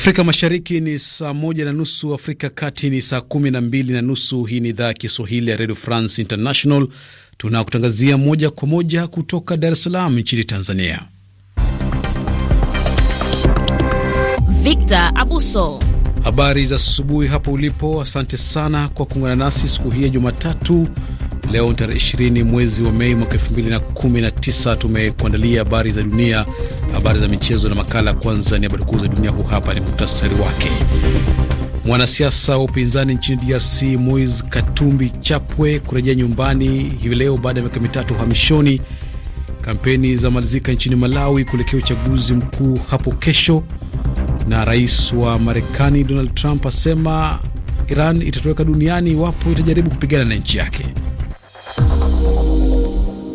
Afrika Mashariki ni saa moja na nusu, Afrika Kati ni saa kumi na mbili na nusu. Hii ni idhaa ya Kiswahili ya Radio France International, tunakutangazia moja kwa moja kutoka Dar es Salaam nchini Tanzania. Victor Abuso, habari za asubuhi hapo ulipo. Asante sana kwa kuungana nasi siku hii ya Jumatatu Leo tarehe 20 mwezi wa Mei mwaka 2019 tumekuandalia habari za dunia, habari za michezo na makala. Kwanza ni habari kuu za dunia, huu hapa ni muhtasari wake. Mwanasiasa wa upinzani nchini DRC Moise Katumbi Chapwe kurejea nyumbani hivi leo baada ya miaka mitatu uhamishoni. Kampeni za malizika nchini Malawi kuelekea uchaguzi mkuu hapo kesho, na rais wa Marekani Donald Trump asema Iran itatoweka duniani iwapo itajaribu kupigana na nchi yake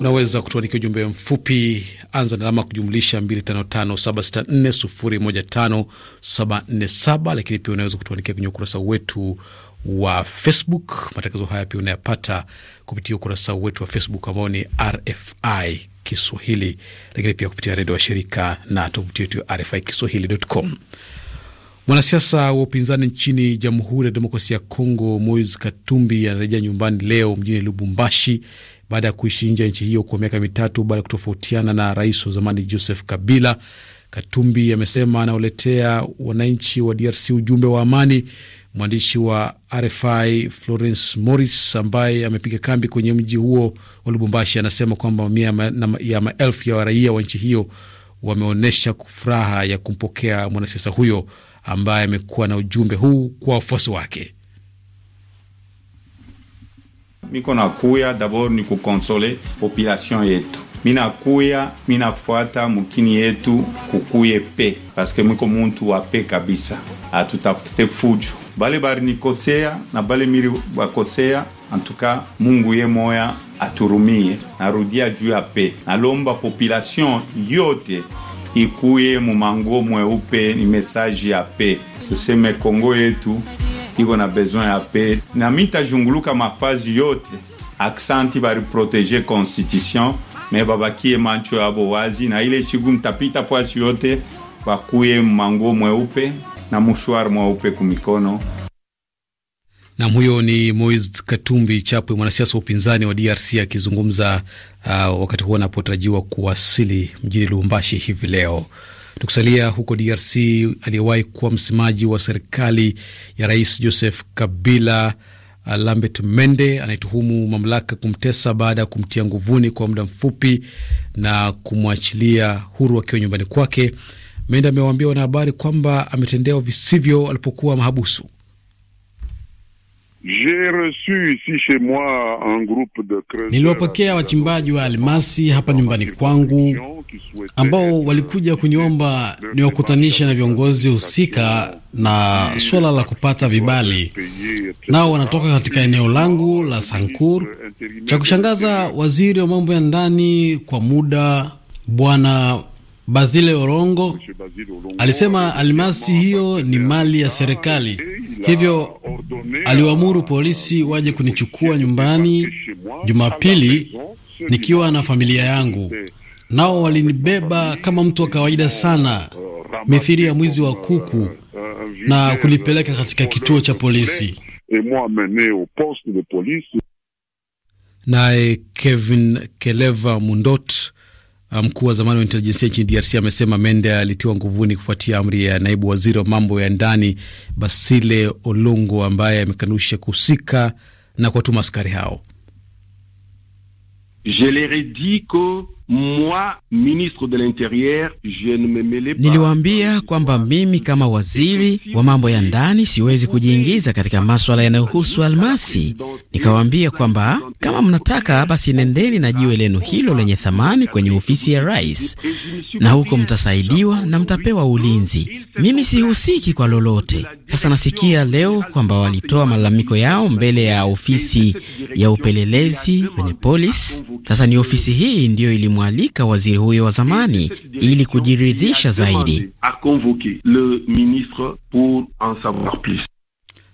unaweza kutuandikia ujumbe mfupi, anza na alama kujumlisha 255764015747, lakini pia unaweza kutuandikia kwenye ukurasa wetu wa Facebook. Matangazo haya pia unayapata kupitia ukurasa wetu wa Facebook ambao ni RFI Kiswahili, lakini pia kupitia redio wa shirika na tovuti yetu ya RFI Kiswahili.com. Mwanasiasa wa upinzani nchini Jamhuri ya Demokrasia ya Kongo, Moise Katumbi anarejea nyumbani leo mjini Lubumbashi baada ya kuishi nje ya nchi hiyo kwa miaka mitatu baada ya kutofautiana na rais wa zamani Joseph Kabila. Katumbi amesema anaoletea wananchi wa DRC ujumbe wa amani. Mwandishi wa RFI Florence Morris ambaye amepiga kambi kwenye mji huo wa Lubumbashi anasema kwamba mamia ya maelfu ya raia wa nchi hiyo wameonyesha furaha ya kumpokea mwanasiasa huyo ambaye amekuwa na ujumbe huu kwa wafuasi wake. Miko nakuya dabord ni kukonsole population yetu, minakuya minafuata mukini yetu kukuye pe, paske miko muntu wa pe kabisa, atutafute fujo bale bari nikosea na bale miri bakosea. Antuka Mungu ye moya aturumie. Narudia juu ya pe, nalomba population yote ikuye mumango mweupe, ni mesaji ya pe, tuseme Kongo yetu iko na besoin ya pe na mitajunguluka mafazi yote aksanti bariproteje constitution me babakie macho yabo wazi na ile shigu mtapita fasi yote bakuye manguo mweupe na mushwari mweupe kumikono nam huyo ni Moise Katumbi Chapwe, mwanasiasa wa upinzani wa DRC akizungumza uh, wakati huo anapotarajiwa kuwasili mjini Lubumbashi hivi leo. Tukisalia huko DRC, aliyewahi kuwa msemaji wa serikali ya Rais Joseph Kabila uh, Lambert Mende anayetuhumu mamlaka kumtesa baada ya kumtia nguvuni kwa muda mfupi na kumwachilia huru akiwa nyumbani kwake. Mende amewaambia wanahabari kwamba ametendewa visivyo alipokuwa mahabusu. J'ai reçu ici chez moi un groupe de niliwapokea wachimbaji wa almasi hapa nyumbani kwangu ambao walikuja kuniomba niwakutanishe na viongozi husika na suala la kupata vibali, nao wanatoka katika eneo langu la Sankur. Cha kushangaza, waziri wa mambo ya ndani kwa muda Bwana Bazile Orongo alisema almasi hiyo ni mali ya serikali, hivyo aliwaamuru polisi waje kunichukua nyumbani Jumapili nikiwa na familia yangu, nao walinibeba kama mtu wa kawaida sana, uh, mithiri ya mwizi wa uh, kuku, uh, na kunipeleka katika kituo cha polisi. Naye Kevin Keleva Mundot Mkuu wa zamani wa intelijensia nchini DRC amesema Mende alitiwa nguvuni kufuatia amri ya naibu waziri wa mambo ya ndani Basile Olongo ambaye amekanusha kuhusika na kuwatuma askari hao. Moi, ministre de l'Intérieur, je ne me mêle pas. Niliwaambia kwamba mimi kama waziri wa mambo ya ndani siwezi kujiingiza katika maswala yanayohusu almasi. Nikawaambia kwamba kama mnataka basi nendeni na jiwe lenu hilo lenye thamani kwenye ofisi ya rais, na huko mtasaidiwa na mtapewa ulinzi. Mimi sihusiki kwa lolote. Sasa nasikia leo kwamba walitoa malalamiko yao mbele ya ofisi ya upelelezi kwenye polisi. Sasa ni ofisi hii ndiyo ili alimwalika waziri huyo wa zamani ili kujiridhisha zaidi.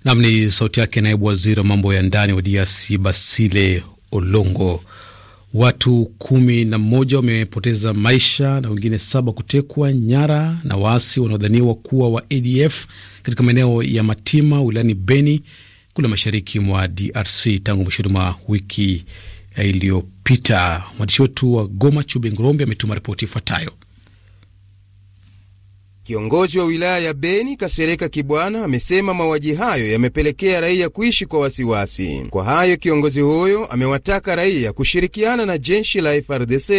Nam ni sauti yake naibu waziri wa mambo ya ndani wa DRC Basile Olongo. Watu kumi na mmoja wamepoteza maisha na wengine saba kutekwa nyara na waasi wanaodhaniwa kuwa wa ADF katika maeneo ya Matima wilayani Beni kule mashariki mwa DRC tangu mwishoni mwa wiki Eh, iliyopita. Mwandishi wetu wa Goma, Chube Ngorombi, ametuma ripoti ifuatayo. Kiongozi wa wilaya ya Beni Kasereka Kibwana amesema mauaji hayo yamepelekea raia kuishi kwa wasiwasi. Kwa hayo kiongozi huyo amewataka raia kushirikiana na jeshi la FRDC.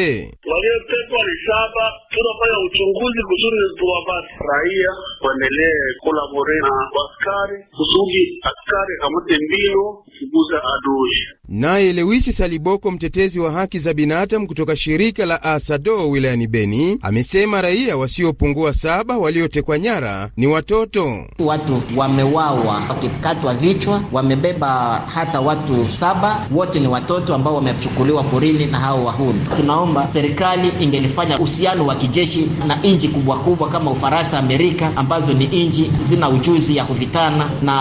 Waliotekwa ni saba, tunafanya uchunguzi kusudi tuwabasi raia waendelee kolabore na askari kusudi askari kamate mbio kufukuza adui. Naye Lewisi Saliboko, mtetezi wa haki za binadamu kutoka shirika la Asado wilayani Beni, amesema raia wasiopungua saba waliotekwa nyara ni watoto. Watu wamewawa wakikatwa vichwa, wamebeba hata watu saba, wote ni watoto ambao wamechukuliwa porini na hao wahuni. Tunaomba serikali ingelifanya uhusiano wa kijeshi na nchi kubwa kubwa kama Ufaransa, Amerika, ambazo ni nchi zina ujuzi ya kuvitana na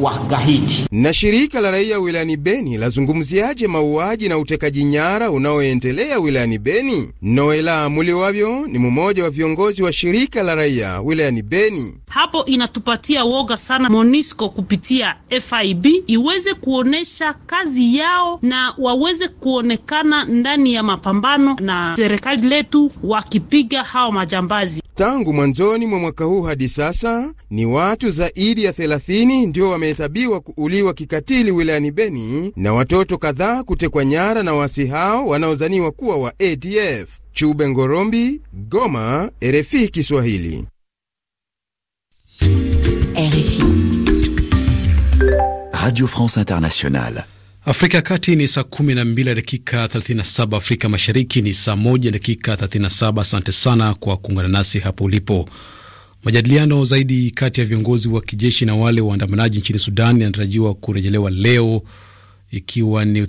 wagahidi. Na shirika la raia wilayani Beni lazungumza unazungumziaje mauaji na utekaji nyara unaoendelea wilayani Beni? Noela Muliwavyo ni mmoja wa viongozi wa shirika la raia wilayani Beni. Hapo inatupatia woga sana monisco kupitia FIB iweze kuonesha kazi yao na waweze kuonekana ndani ya mapambano na serikali letu wakipiga hao majambazi. Tangu mwanzoni mwa mwaka huu hadi sasa ni watu zaidi ya thelathini ndio wamehesabiwa kuuliwa kikatili wilayani Beni na watoto kadhaa kutekwa nyara na wasi hao wanaozaniwa kuwa wa ADF. Chube Ngorombi, Goma, RFI Kiswahili. RFI Radio France Internationale. Afrika ya Kati ni saa mbili dakika 37, Afrika Mashariki ni saa 1 dakika 37. Asante sana kwa kuungana nasi hapo ulipo. Majadiliano zaidi kati ya viongozi wa kijeshi na wale waandamanaji nchini Sudan yanatarajiwa kurejelewa leo, ikiwa ni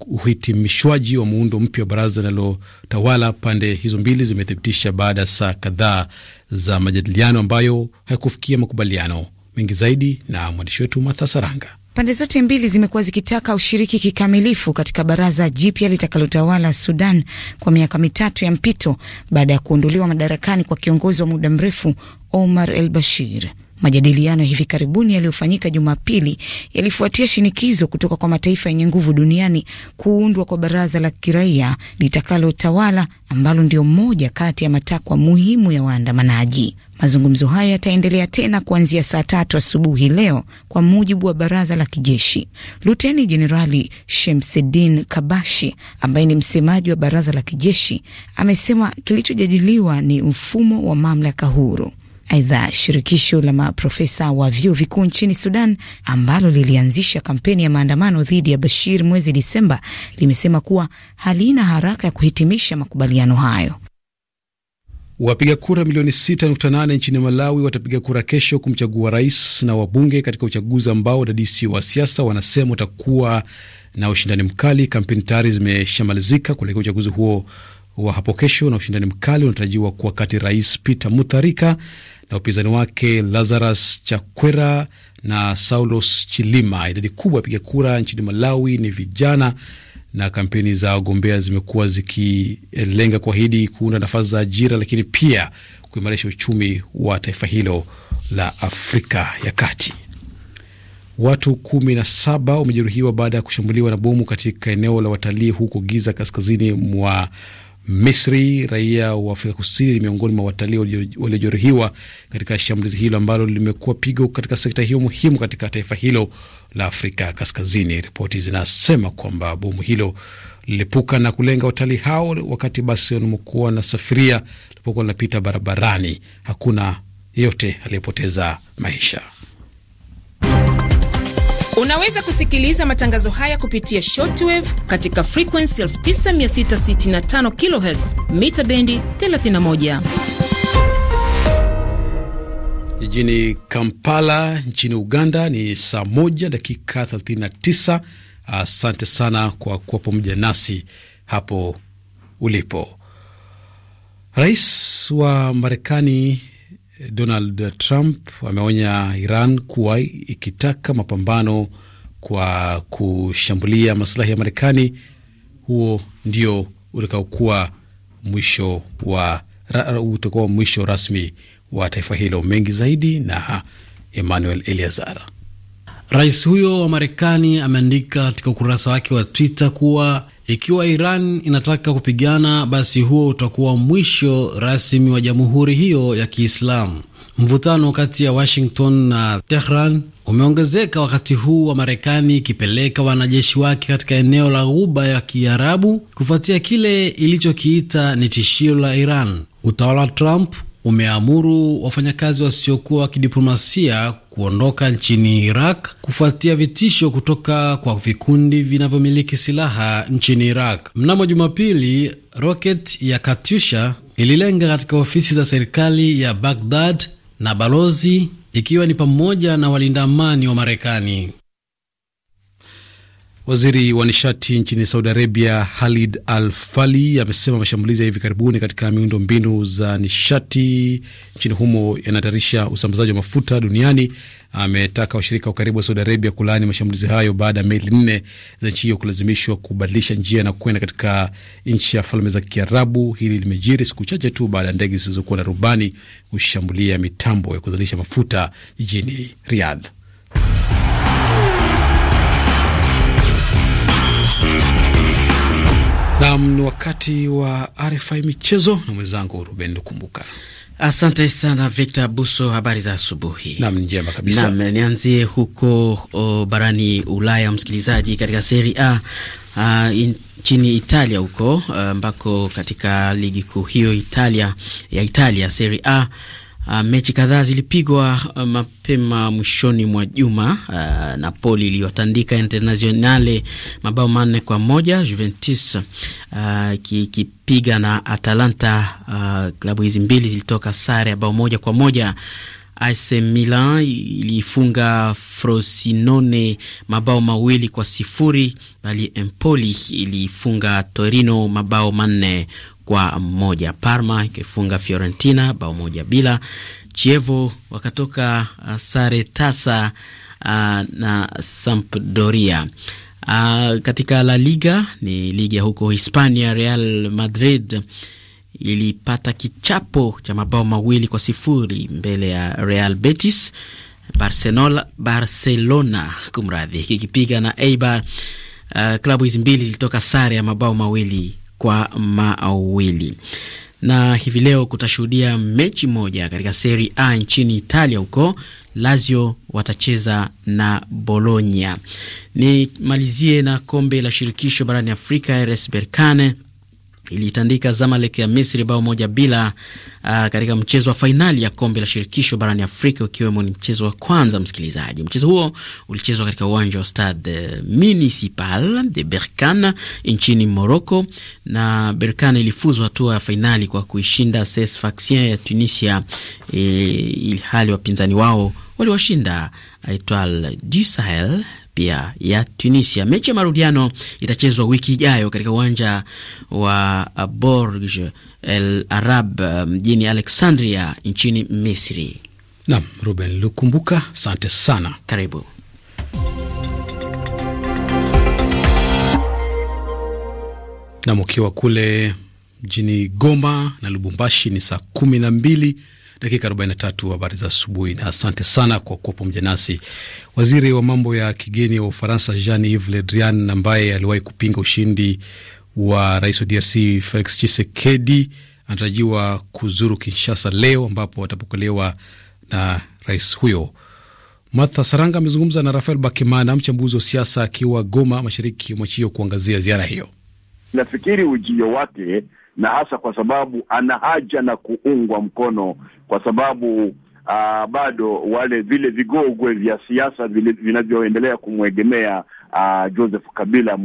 uhitimishwaji wa muundo mpya wa baraza linalotawala. Pande hizo mbili zimethibitisha baada ya saa kadhaa za majadiliano ambayo hayakufikia makubaliano mengi zaidi, na mwandishi wetu mathasaranga Saranga. Pande zote mbili zimekuwa zikitaka ushiriki kikamilifu katika baraza jipya litakalotawala Sudan kwa miaka mitatu ya mpito baada ya kuondolewa madarakani kwa kiongozi wa muda mrefu Omar el Bashir. Majadiliano hivi karibuni yaliyofanyika Jumapili yalifuatia shinikizo kutoka kwa mataifa yenye nguvu duniani kuundwa kwa baraza la kiraia litakalotawala, ambalo ndio moja kati ya matakwa muhimu ya waandamanaji. Mazungumzo hayo yataendelea tena kuanzia saa tatu asubuhi leo kwa mujibu wa baraza la kijeshi. Luteni Jenerali Shemseddin Kabashi ambaye ni msemaji wa baraza la kijeshi amesema kilichojadiliwa ni mfumo wa mamlaka huru. Aidha, shirikisho la maprofesa wa vyuo vikuu nchini Sudan ambalo lilianzisha kampeni ya maandamano dhidi ya Bashir mwezi Disemba limesema kuwa halina haraka ya kuhitimisha makubaliano hayo. Wapiga kura milioni 6.8 nchini Malawi watapiga kura kesho kumchagua rais na wabunge katika uchaguzi ambao wadadisi wa siasa wanasema utakuwa na ushindani mkali. Kampeni tayari zimeshamalizika kuelekea uchaguzi huo wa hapo kesho, na ushindani mkali unatarajiwa kuwa kati rais Peter Mutharika na upinzani wake Lazarus Chakwera na Saulos Chilima. Idadi kubwa ya piga kura nchini Malawi ni vijana, na kampeni za wagombea zimekuwa zikilenga kuahidi kuunda nafasi za ajira, lakini pia kuimarisha uchumi wa taifa hilo la Afrika ya Kati. Watu kumi na saba wamejeruhiwa baada ya kushambuliwa na bomu katika eneo la watalii huko Giza, kaskazini mwa Misri. Raia wa Afrika Kusini ni miongoni mwa watalii waliojeruhiwa katika shambulizi hilo ambalo limekuwa pigo katika sekta hiyo muhimu katika taifa hilo la Afrika Kaskazini. Ripoti zinasema kwamba bomu hilo lilipuka na kulenga watalii hao wakati basi walimokuwa wanasafiria lipokuwa linapita barabarani. Hakuna yeyote aliyepoteza maisha. Unaweza kusikiliza matangazo haya kupitia shortwave katika frequency 9665 kHz mita bendi 31. Jijini Kampala nchini Uganda ni saa moja dakika 39. Asante sana kwa kuwa pamoja nasi hapo ulipo. Rais wa Marekani Donald Trump ameonya Iran kuwa ikitaka mapambano kwa kushambulia masilahi ya Marekani, huo ndio utakaokuwa mwisho wa utakuwa mwisho rasmi wa taifa hilo. Mengi zaidi na Emmanuel Eliazar. Rais huyo wa Marekani ameandika katika ukurasa wake wa Twitter kuwa ikiwa Iran inataka kupigana, basi huo utakuwa mwisho rasmi wa jamhuri hiyo ya Kiislamu. Mvutano kati ya Washington na Tehran umeongezeka wakati huu wa Marekani ikipeleka wanajeshi wake katika eneo la Ghuba ya Kiarabu kufuatia kile ilichokiita ni tishio la Iran. Utawala wa Trump umeamuru wafanyakazi wasiokuwa wa kidiplomasia kuondoka nchini Iraq kufuatia vitisho kutoka kwa vikundi vinavyomiliki silaha nchini Iraq. Mnamo Jumapili, roket ya Katyusha ililenga katika ofisi za serikali ya Baghdad na balozi, ikiwa ni pamoja na walinda amani wa Marekani. Waziri wa nishati nchini Saudi Arabia Halid Al Fali amesema mashambulizi ya hivi karibuni katika miundo mbinu za nishati nchini humo yanahatarisha usambazaji wa mafuta duniani. Ametaka washirika wa karibu wa Saudi Arabia kulaani mashambulizi hayo baada ya meli nne za nchi hiyo kulazimishwa kubadilisha njia na kwenda katika nchi ya Falme za Kiarabu. Hili limejiri siku chache tu baada ya ndege zisizokuwa na rubani kushambulia mitambo ya kuzalisha mafuta jijini Riyadh. Nam, ni wakati wa RFI michezo na mwenzangu Ruben Kumbuka. Asante sana Victor Buso, habari za asubuhi. Nam, njema kabisa. Nam, nianzie huko o, barani Ulaya msikilizaji, katika Serie A nchini uh, Italia huko ambako uh, katika ligi kuu hiyo Italia ya Italia Serie A Uh, mechi kadhaa zilipigwa uh, mapema mwishoni mwa juma. Uh, Napoli iliyotandika Internazionale mabao manne kwa moja, Juventus ikipiga uh, na Atalanta. Uh, klabu hizi mbili zilitoka sare ya bao moja kwa moja. AC Milan ilifunga Frosinone mabao mawili kwa sifuri, bali Empoli ilifunga Torino mabao manne kwa mmoja. Parma ikifunga Fiorentina bao moja bila. Chievo wakatoka uh, sare tasa uh, na Sampdoria. Uh, katika La Liga ni ligi ya huko Hispania, Real Madrid ilipata kichapo cha mabao mawili kwa sifuri mbele ya Real Betis. Barcelona, Barcelona kumradhi, kikipiga na Eibar. Uh, klabu hizi mbili zilitoka sare ya mabao mawili kwa mawili na hivi leo kutashuhudia mechi moja katika Serie A nchini Italia. Huko Lazio watacheza na Bologna. Nimalizie na kombe la shirikisho barani Afrika, RS Berkane ilitandika Zamalek ya Misri bao moja bila aa, ah, katika mchezo wa fainali ya kombe la shirikisho barani Afrika, ukiwemo ni mchezo wa kwanza msikilizaji. Mchezo huo ulichezwa katika uwanja wa Stade Municipal de Berkane nchini Morocco, na Berkane ilifuzwa hatua ya fainali kwa kuishinda CES Sfaxien ya Tunisia, e, ilhali wapinzani wao waliwashinda Etoile du Sahel pia ya Tunisia. Mechi ya marudiano itachezwa wiki ijayo katika uwanja wa Borj El Arab um, mjini Alexandria nchini Misri. Nam Ruben Lukumbuka, asante sana. Karibu. Nam ukiwa kule mjini Goma na Lubumbashi ni saa kumi na mbili dakika 43 habari za asubuhi, na asante sana kwa kuwa pamoja nasi. Waziri wa mambo ya kigeni wa Ufaransa Jean-Yves Le Drian ambaye aliwahi kupinga ushindi wa rais wa DRC Felix Tshisekedi anatarajiwa kuzuru Kinshasa leo ambapo atapokelewa na rais huyo. Martha Saranga amezungumza na Rafael Bakimana, mchambuzi wa siasa, akiwa Goma, mashariki mwa nchi hiyo, kuangazia ziara hiyo. Nafikiri ujio wake na hasa kwa sababu ana haja na kuungwa mkono kwa sababu Uh, bado wale vile vigogwe vya siasa vinavyoendelea kumwegemea uh, Joseph Kabila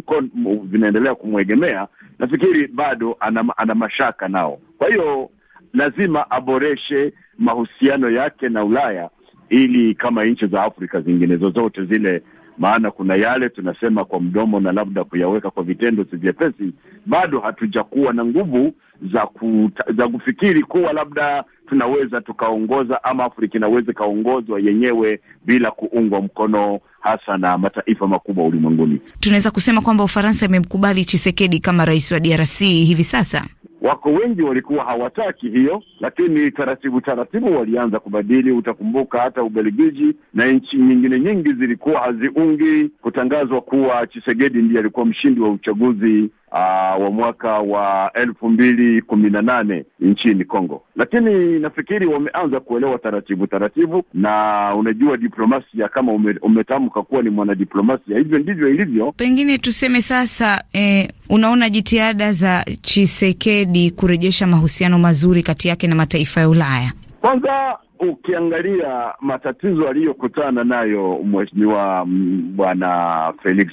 vinaendelea kumwegemea, nafikiri bado ana, ana mashaka nao. Kwa hiyo lazima aboreshe mahusiano yake na Ulaya ili kama nchi za Afrika zingine zozote zile maana kuna yale tunasema kwa mdomo na labda kuyaweka kwa vitendo si vyepesi. Bado hatujakuwa na nguvu za kuta, za kufikiri kuwa labda tunaweza tukaongoza ama Afrika inaweza ikaongozwa yenyewe bila kuungwa mkono hasa na mataifa makubwa ulimwenguni. Tunaweza kusema kwamba Ufaransa imemkubali Chisekedi kama rais wa DRC hivi sasa. Wako wengi walikuwa hawataki hiyo, lakini taratibu taratibu walianza kubadili. Utakumbuka hata Ubelgiji na nchi nyingine nyingi zilikuwa haziungi kutangazwa kuwa Chisegedi ndiye alikuwa mshindi wa uchaguzi uh, wa mwaka wa elfu mbili kumi na nane nchini Kongo, lakini nafikiri wameanza kuelewa taratibu taratibu, na unajua diplomasia kama ume, umetamka kuwa ni mwanadiplomasia, hivyo ndivyo ilivyo. Pengine tuseme sasa eh, unaona jitihada za Chisekedi kurejesha mahusiano mazuri kati yake na mataifa ya Ulaya kwanza ukiangalia matatizo aliyokutana nayo mheshimiwa mm, bwana Felix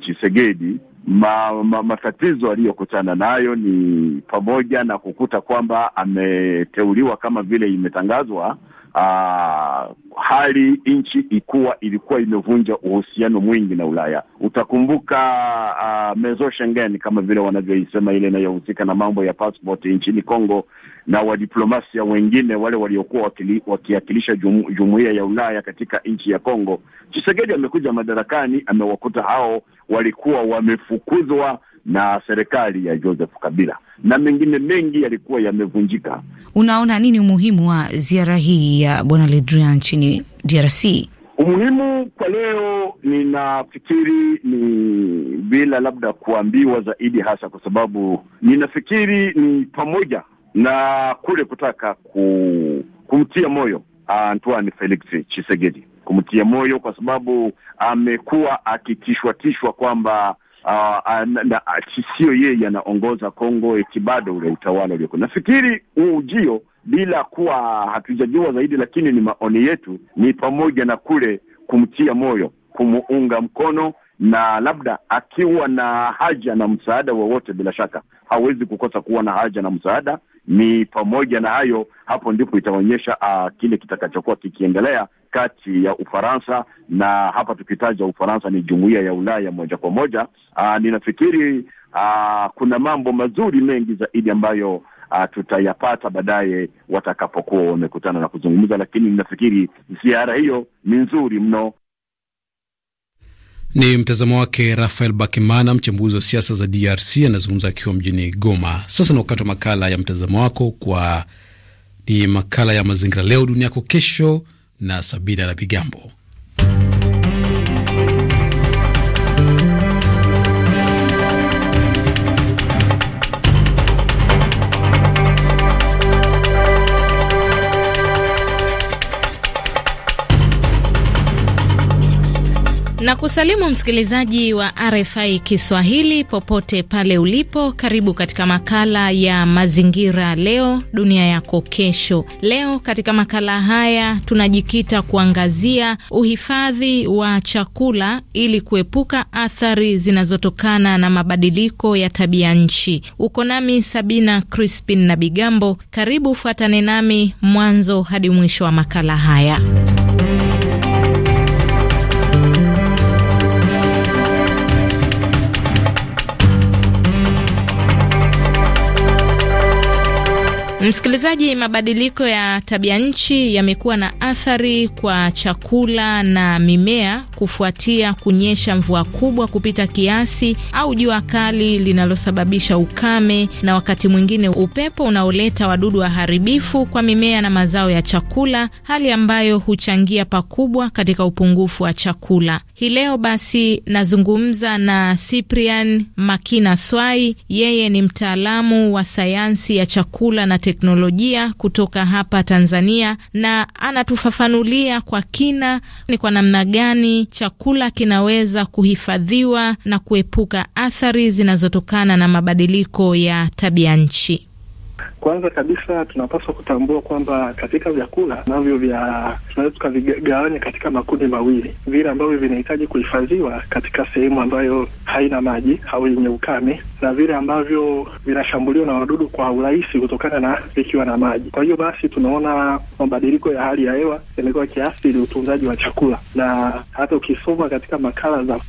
Tshisekedi ma, ma, matatizo aliyokutana nayo ni pamoja na kukuta kwamba ameteuliwa kama vile imetangazwa Uh, hali nchi ikuwa ilikuwa imevunja uhusiano mwingi na Ulaya. Utakumbuka uh, mezo Schengen kama vile wanavyoisema ile inayohusika na mambo ya passport nchini Kongo na wadiplomasia wengine wale waliokuwa wakiwakilisha jumuiya ya Ulaya katika nchi ya Kongo. chisegedi amekuja madarakani, amewakuta hao walikuwa wamefukuzwa na serikali ya Joseph Kabila na mengine mengi yalikuwa yamevunjika. Unaona nini umuhimu wa ziara hii ya Bwana Le chini nchini DRC? Umuhimu kwa leo, ninafikiri ni bila labda kuambiwa zaidi, hasa kwa sababu ninafikiri ni pamoja na kule kutaka ku, kumtia moyo ah, Antoine Felix chisegedi kumtia moyo kwa sababu amekuwa akitishwatishwa kwamba ah, sio yeye anaongoza Kongo eti bado ule utawala ulioko. Nafikiri huu ujio bila kuwa hatujajua zaidi, lakini ni maoni yetu, ni pamoja na kule kumtia moyo, kumuunga mkono na labda akiwa na haja na msaada wowote, bila shaka hawezi kukosa kuwa na haja na msaada ni pamoja na hayo, hapo ndipo itaonyesha uh, kile kitakachokuwa kikiendelea kati ya Ufaransa na hapa tukitaja Ufaransa ni jumuia ya Ulaya moja kwa moja. Uh, ninafikiri uh, kuna mambo mazuri mengi zaidi ambayo Uh, tutayapata baadaye watakapokuwa wamekutana na kuzungumza, lakini ninafikiri ziara hiyo ni nzuri mno ni mtazamo wake Rafael Bakimana, mchambuzi wa siasa za DRC, anazungumza akiwa mjini Goma. Sasa na wakati wa makala ya mtazamo wako, kwa ni makala ya mazingira, leo dunia yako kesho, na Sabina Rabigambo. na kusalimu msikilizaji wa RFI Kiswahili popote pale ulipo. Karibu katika makala ya mazingira, leo dunia yako kesho. Leo katika makala haya tunajikita kuangazia uhifadhi wa chakula ili kuepuka athari zinazotokana na mabadiliko ya tabia nchi. Uko nami Sabina Crispin na Bigambo, karibu fuatane nami mwanzo hadi mwisho wa makala haya. Msikilizaji, mabadiliko ya tabia nchi yamekuwa na athari kwa chakula na mimea kufuatia kunyesha mvua kubwa kupita kiasi au jua kali linalosababisha ukame na wakati mwingine upepo unaoleta wadudu waharibifu kwa mimea na mazao ya chakula, hali ambayo huchangia pakubwa katika upungufu wa chakula. Hii leo basi nazungumza na Cyprian Makina Swai, yeye ni mtaalamu wa sayansi ya chakula na teknolojia kutoka hapa Tanzania, na anatufafanulia kwa kina ni kwa namna gani chakula kinaweza kuhifadhiwa na kuepuka athari zinazotokana na mabadiliko ya tabia nchi. Kwanza kabisa tunapaswa kutambua kwamba katika vyakula navyo vya tunaweza tukavigawanya katika makundi mawili, vile ambavyo vinahitaji kuhifadhiwa katika sehemu ambayo haina maji au yenye ukame, na vile ambavyo vinashambuliwa na wadudu kwa urahisi kutokana na vikiwa na maji. Kwa hiyo basi tunaona mabadiliko ya hali ya hewa yamekuwa kiasili utunzaji wa chakula, na hata ukisoma katika makala za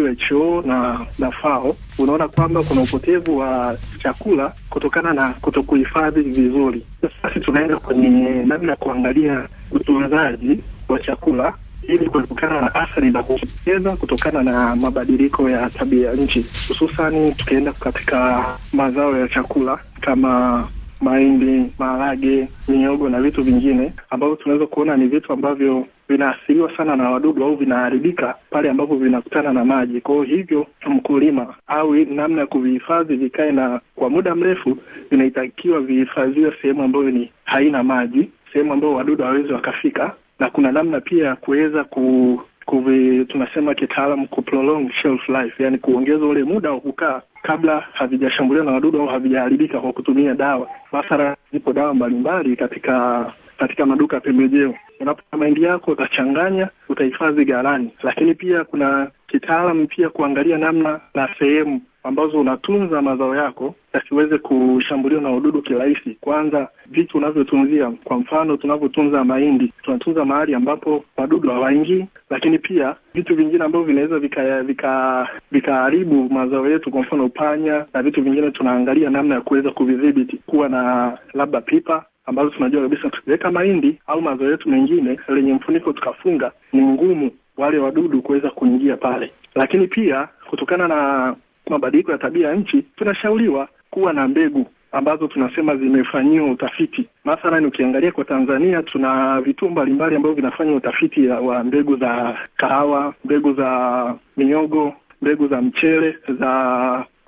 WHO na na FAO unaona kwamba kuna upotevu wa chakula kutokana na kutokuhifadhi vizuri. Sasa tunaenda kwenye namna ya kuangalia utunzaji wa chakula ili kuepukana na athari za kujitokeza kutokana na mabadiliko ya tabia ya nchi, hususani tukienda katika mazao ya chakula kama mahindi, maharage, miogo na vitu vingine ambavyo tunaweza kuona ni vitu ambavyo vinaathiriwa sana na wadudu au vinaharibika pale ambapo vinakutana na maji. Kwa hivyo, mkulima au namna ya kuvihifadhi vikae na kwa muda mrefu, vinahitakiwa vihifadhiwe sehemu ambayo ni haina maji, sehemu ambayo wadudu hawawezi wakafika na kuna namna pia ya kuweza ku, kuvi, tunasema kitaalam ku prolong shelf life, yani kuongeza ule muda wa kukaa kabla havijashambuliwa na wadudu au havijaharibika kwa kutumia dawa. Mathara, zipo dawa mbalimbali katika katika maduka ya pembejeo. Unapata mahindi yako utachanganya, utahifadhi ghalani, lakini pia kuna kitaalam pia kuangalia namna na sehemu ambazo unatunza mazao yako yasiweze kushambuliwa na wadudu kirahisi. Kwanza vitu unavyotunzia, kwa mfano tunavyotunza mahindi, tunatunza mahali ambapo wadudu hawaingii, lakini pia vitu vingine ambavyo vinaweza vikaharibu vika, vika mazao yetu, kwa mfano panya na vitu vingine, tunaangalia namna ya kuweza kuvidhibiti, kuwa na labda pipa ambazo tunajua kabisa tukiweka mahindi au mazao yetu mengine lenye mfuniko tukafunga, ni ngumu wale wadudu kuweza kuingia pale. Lakini pia kutokana na mabadiliko ya tabia ya nchi, tunashauriwa kuwa na mbegu ambazo tunasema zimefanyiwa utafiti. Mathalan, ukiangalia kwa Tanzania tuna vituo mbalimbali ambavyo vinafanya utafiti wa mbegu za kahawa, mbegu za mihogo, mbegu za mchele, za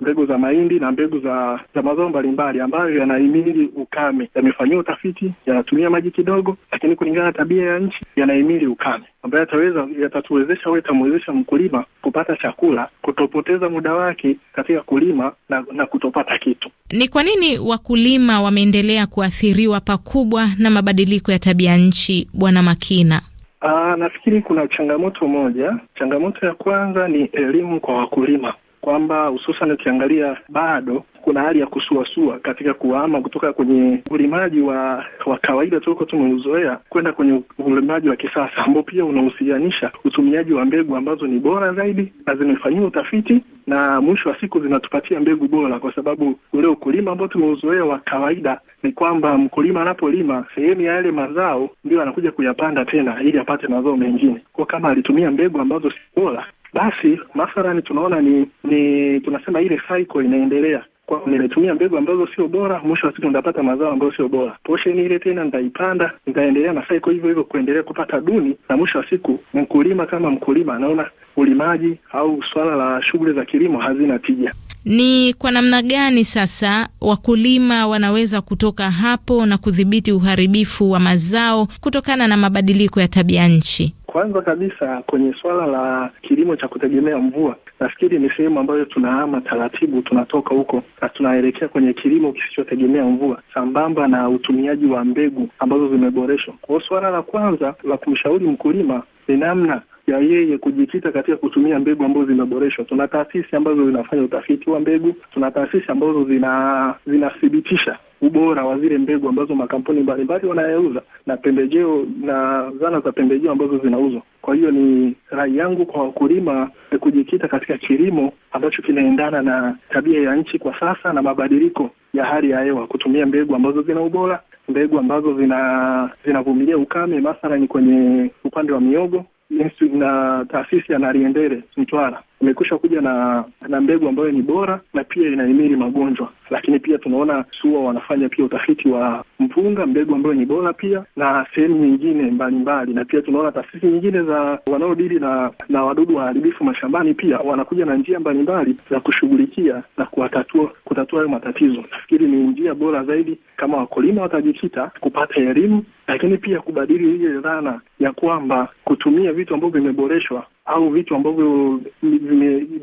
mbegu za mahindi na mbegu za, za mazao mbalimbali ambayo yanahimili ukame, yamefanyiwa utafiti, yanatumia maji kidogo, lakini kulingana na tabia ya nchi yanahimili ukame, ambayo yataweza yatatuwezesha au yatamwezesha mkulima kupata chakula, kutopoteza muda wake katika kulima na, na kutopata kitu. Ni kwa nini wakulima wameendelea kuathiriwa pakubwa na mabadiliko ya tabia nchi, Bwana Makina? Aa, nafikiri kuna changamoto moja. Changamoto ya kwanza ni elimu kwa wakulima kwamba hususan ukiangalia bado kuna hali ya kusuasua katika kuhama kutoka kwenye ulimaji wa wa kawaida tuliko tumeuzoea kwenda kwenye ulimaji wa kisasa ambao pia unahusianisha utumiaji wa mbegu ambazo ni bora zaidi na zimefanyiwa utafiti na mwisho wa siku zinatupatia mbegu bora, kwa sababu ule ukulima ambao tumeuzoea wa kawaida ni kwamba mkulima anapolima sehemu ya yale mazao ndio anakuja kuyapanda tena ili apate mazao mengine. kwao kama alitumia mbegu ambazo si bora, basi mathalani tunaona ni ni tunasema ile cycle inaendelea kwa nilitumia mbegu ambazo sio bora, mwisho wa siku nitapata mazao ambayo sio bora. Posheni ile tena nitaipanda, nitaendelea na cycle hivyo hivyo kuendelea kupata duni, na mwisho wa siku mkulima kama mkulima anaona ulimaji au swala la shughuli za kilimo hazina tija. Ni kwa namna gani sasa wakulima wanaweza kutoka hapo na kudhibiti uharibifu wa mazao kutokana na mabadiliko ya tabia nchi? Kwanza kabisa kwenye suala la kilimo cha kutegemea mvua, nafikiri ni sehemu ambayo tunahama taratibu, tunatoka huko na tunaelekea kwenye kilimo kisichotegemea mvua, sambamba na utumiaji wa mbegu ambazo zimeboreshwa. Kwa hiyo suala la kwanza la kumshauri mkulima ni namna ya yeye kujikita katika kutumia mbegu ambazo zimeboreshwa. Tuna taasisi ambazo zinafanya utafiti wa mbegu, tuna taasisi ambazo zina zinathibitisha ubora wa zile mbegu ambazo makampuni mbalimbali wanayeuza na pembejeo na zana za pembejeo ambazo zinauzwa. Kwa hiyo ni rai yangu kwa wakulima kujikita katika kilimo ambacho kinaendana na tabia ya nchi kwa sasa na mabadiliko ya hali ya hewa, kutumia mbegu ambazo zina ubora, mbegu ambazo zina zinavumilia ukame, mathalani kwenye upande wa miogo Yesu na taasisi ya Nariendere Mtwara imekwisha kuja na na mbegu ambayo ni bora na pia inahimili magonjwa. Lakini pia tunaona SUA wanafanya pia utafiti wa mpunga, mbegu ambayo ni bora pia na sehemu nyingine mbalimbali, na pia tunaona taasisi nyingine za wanaodili na na wadudu waharibifu mashambani pia wanakuja na njia mbalimbali za kushughulikia na kuwatatua kutatua hayo matatizo. Nafikiri ni njia bora zaidi kama wakulima watajikita kupata elimu, lakini pia kubadili ile dhana ya kwamba kutumia vitu ambavyo vimeboreshwa au vitu ambavyo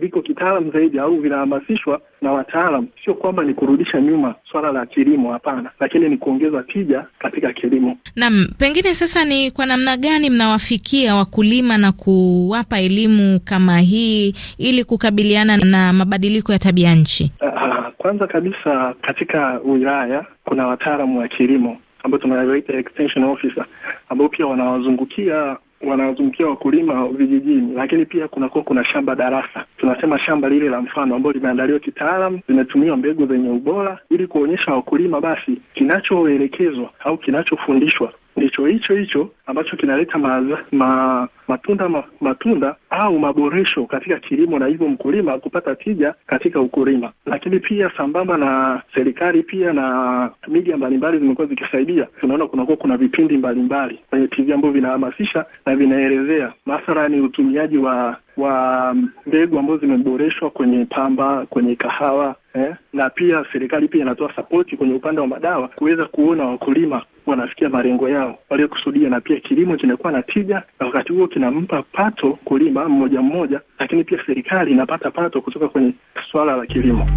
viko kitaalam zaidi au vinahamasishwa na wataalam. Sio kwamba ni kurudisha nyuma swala la kilimo, hapana, lakini ni kuongeza tija katika kilimo. Naam, pengine sasa ni kwa namna gani mnawafikia wakulima na kuwapa elimu kama hii ili kukabiliana na mabadiliko ya tabia nchi? Ah, ah, kwanza kabisa katika wilaya kuna wataalamu wa kilimo ambao tunawaita extension officer ambao pia wanawazungukia wanawatumikia wakulima vijijini, lakini pia kunakuwa kuna shamba darasa, tunasema shamba lile la mfano ambalo limeandaliwa kitaalam, zimetumiwa mbegu zenye ubora, ili kuonyesha wakulima basi kinachoelekezwa au kinachofundishwa ndicho hicho hicho ambacho kinaleta ma, ma, matunda ma, matunda au maboresho katika kilimo na hivyo mkulima kupata tija katika ukulima. Lakini pia sambamba na serikali pia na media mbalimbali zimekuwa zikisaidia, tunaona kunakuwa kuna vipindi mbalimbali kwenye TV ambavyo vinahamasisha na vinaelezea mathalani utumiaji wa wa mbegu ambazo zimeboreshwa kwenye pamba, kwenye kahawa eh, na pia serikali pia inatoa sapoti kwenye upande wa madawa kuweza kuona wakulima wanafikia malengo yao waliokusudia, na pia kilimo kinakuwa na tija, na wakati huo kinampa pato kulima mmoja mmoja, lakini pia serikali inapata pato kutoka kwenye swala la kilimo.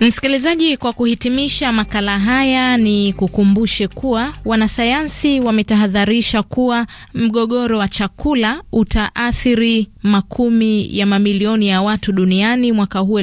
Msikilizaji, kwa kuhitimisha makala haya, ni kukumbushe kuwa wanasayansi wametahadharisha kuwa mgogoro wa chakula utaathiri makumi ya mamilioni ya watu duniani mwaka huu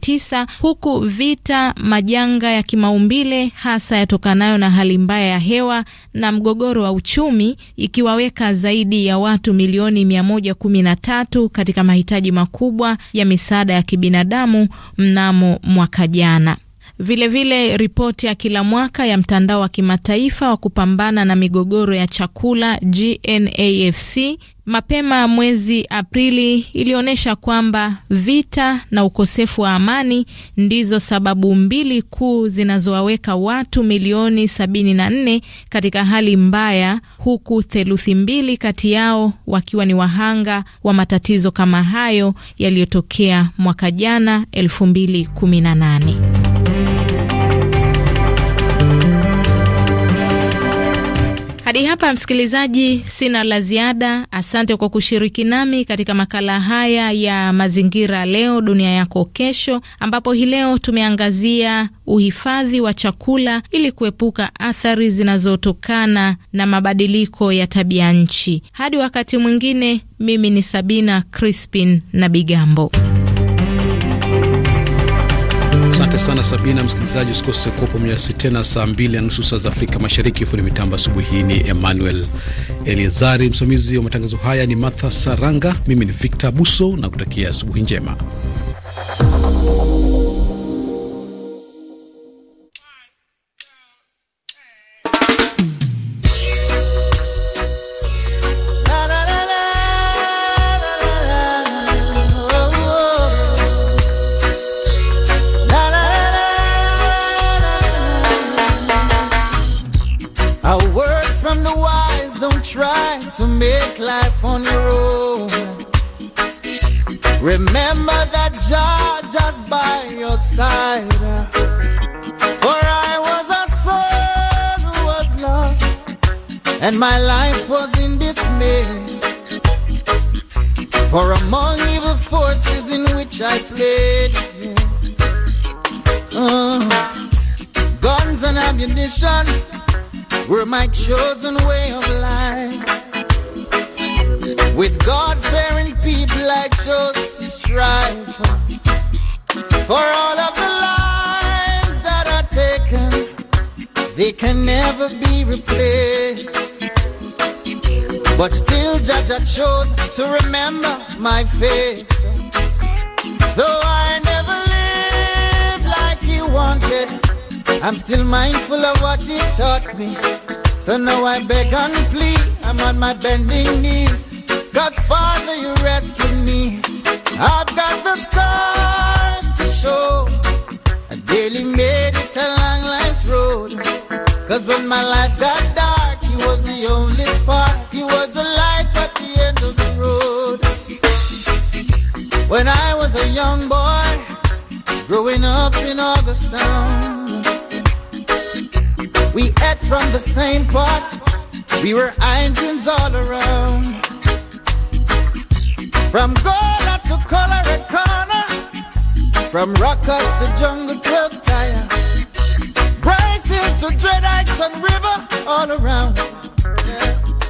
tisa, huku vita, majanga ya kimaumbile hasa yatokanayo na hali mbaya ya hewa na mgogoro wa uchumi ikiwaweka zaidi ya watu milioni 113 katika mahitaji makubwa ya misaada ya kibinadamu mnamo mwaka jana. Vilevile, ripoti ya kila mwaka ya mtandao wa kimataifa wa kupambana na migogoro ya chakula GNAFC mapema mwezi Aprili ilionyesha kwamba vita na ukosefu wa amani ndizo sababu mbili kuu zinazowaweka watu milioni 74 katika hali mbaya, huku theluthi mbili kati yao wakiwa ni wahanga wa matatizo kama hayo yaliyotokea mwaka jana 2018. Hadi hapa msikilizaji, sina la ziada. Asante kwa kushiriki nami katika makala haya ya mazingira leo dunia yako kesho, ambapo hii leo tumeangazia uhifadhi wa chakula ili kuepuka athari zinazotokana na mabadiliko ya tabia nchi. Hadi wakati mwingine, mimi ni Sabina Crispin na Bigambo. Asante sana Sabina. Msikilizaji, usikose kuwa pamoja nasi tena saa mbili na nusu saa za Afrika Mashariki. Fundi mitambo asubuhi hii ni Emmanuel eliazari msimamizi wa matangazo haya ni Martha Saranga, mimi ni Victor Buso na kutakia asubuhi njema. and my life was in dismay. For among evil forces in which I played, yeah. uh, guns and ammunition were my chosen way of life. With God fearing people, I chose to strive for all of the lives that are taken, they can never be replaced. But still, Jaja chose to remember my face. Though I never lived like he wanted, I'm still mindful of what he taught me. So now I beg and plead, I'm on my bending knees. God's Father, you rescued me. I've got the scars to show. I daily made it long life's road. Cause when my life got dark, he was the only spark. When I was a young boy, growing up in Augustown, we ate from the same pot, we were engines all around. From Gola to Corner, from Rockers to Jungle Club Tire, Brazil to Dreadites and River, all around.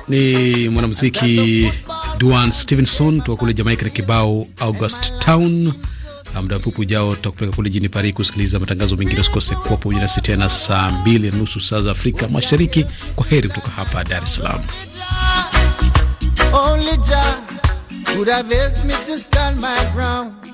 Ni mwanamuziki Duan Stevenson toka kule Jamaika na kibao August Town. Muda mfupi ujao tutakupeleka kule jini Paris kusikiliza matangazo mengine. Usikose kuwa pamoja nasi tena saa mbili na nusu saa za Afrika Mashariki. Kwa heri kutoka hapa Dar es Salaam.